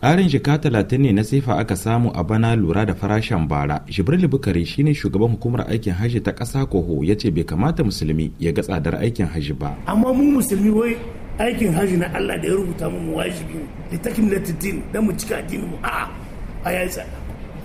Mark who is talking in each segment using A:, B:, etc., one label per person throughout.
A: Karin jika talatin ne na sefa aka samu a bana lura da farashin bara. Jibril Bukari shine shugaban hukumar aikin hajji ta ƙasa Koho ya ce bai kamata musulmi ya ga tsadar aikin hajji ba.
B: Amma mu musulmi wai aikin hajji na Allah da ya rubuta mu wajibi da takimlatin din da mu cika addini mu a'a a yayi tsada.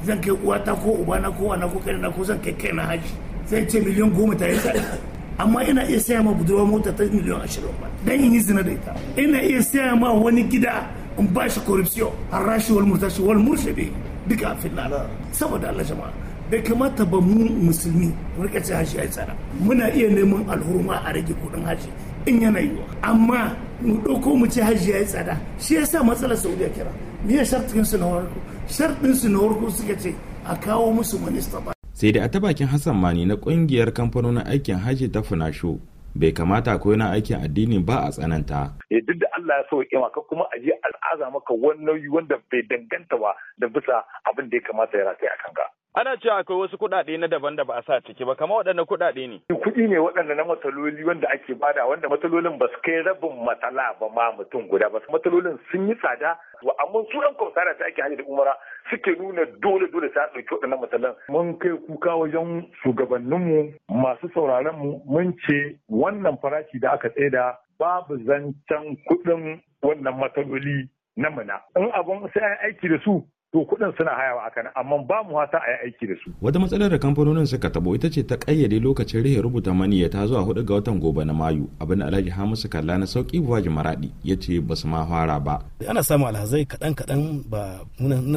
B: Zan kai uwata ko ubana ko wana ko kaina ko zan kai kaina hajji. Zan ce miliyan goma ta yi tsada. amma ina iya saya ma budurwa mota ta miliyan ashirin ba dan in yi zina da ita ina iya saya ma wani gida in ba shi corruption harashi wal murtashi wal murshidi duka a finna saboda Allah jama'a bai kamata ba mu musulmi rika ce hashi ai tsara muna iya neman alhurma a rage kudin haji in yana wa. amma mu ɗauko mu ce hashi ya tsada shi ya sa matsalar saudiya kira me ya shartin su na warko shartin su na warko suka ce a kawo musu minista ba
A: sai da a ta bakin hassan mani na kungiyar kamfanonin aikin hajji ta funasho bai kamata ko yana aikin addini ba a tsananta.
C: Ya eh, duk da Allah ya so ya maka kuma je al'aza maka wani nauyi wanda bai danganta ba da bisa abin da ya kamata ya rataya a kanka. Ana cewa akwai wasu
A: kuɗaɗe na daban da ba a sa ciki ba, kamar waɗanne kuɗaɗe ne? Kuɗi
C: ne waɗanda na matsaloli wanda ake bada wanda matsalolin ba su kai rabin matsala ba ma mutum guda ba. Matsalolin sun yi tsada, amma su ɗan kwamfara ta ake hajji da umara suke nuna dole dole ta ɗauki waɗannan matsalan. Mun kai kuka wajen shugabanninmu masu sauraronmu mun ce wannan farashi da aka tsaida babu zancen kuɗin wannan matsaloli na muna. In abun sai an aiki da su to kuɗin suna hayawa a kan amma ba mu wasa a yi aiki da su.
A: Wata matsalar da kamfanonin suka tabo ita ce ta kayyade lokacin rihe rubuta maniyya ta zuwa hudu ga watan gobe na Mayu abin da Alhaji Hamisu Kalla na sauki Buwaji Maradi ya ce ba su ma fara ba. Ana samun alhazai kaɗan kaɗan ba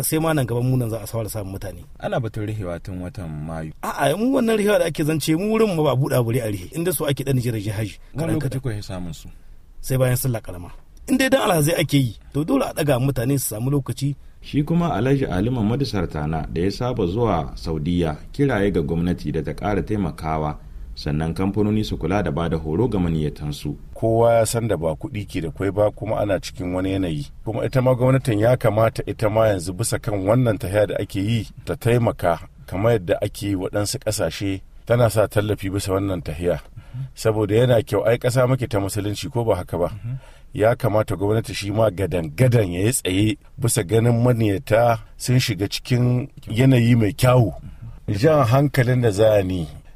A: sai ma nan gaban munan za a fara samun mutane. Ana batun rihewa tun watan Mayu. A'a mu wannan rihewa da ake zance mu wurin mu ba buɗa bure a rihe inda su ake ɗan jiragen haji. Wani lokaci ko ya samun su. Sai bayan sallah kalama in dai dan alhazai ake yi to dole a daga mutane su samu lokaci shi kuma alhaji ali mamadu sartana da ya saba zuwa saudiya kiraye ga gwamnati da ta ƙara taimakawa sannan kamfanoni su kula da bada horo ga maniyatansu
D: kowa ya san da ba kuɗi ke da kwai ba kuma ana cikin wani yanayi kuma ita ma gwamnatin ya kamata ita ma yanzu bisa kan wannan tahiya da ake yi ta taimaka kamar yadda ake waɗansu ƙasashe tana sa tallafi bisa wannan tahiya saboda yana kyau ai ƙasa muke ta musulunci ko ba haka ba ya kamata gwamnati shi ma gadan-gadan ya yi tsaye bisa ganin maniyata sun shiga cikin yanayi mai kyawu jan hankalin da za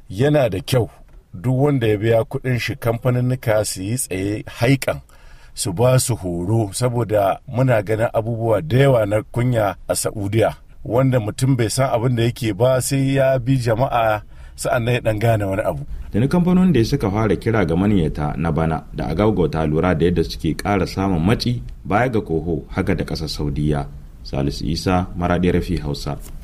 D: yana da kyau duk wanda ya biya kudin shi kamfanin kamfaninnika su yi tsaye haikan su ba su horo saboda muna ganin abubuwa da yawa na kunya a saudiya wanda mutum bai san abin da yake ba sai ya bi jama'a sa'an na ya dan gane wani abu
A: da na kamfanonin da suka fara kira ga manyata na bana da ta lura da yadda suke ƙara samun matsi baya ga koho haka da ƙasar saudiya salisu isa maraɗi rafi hausa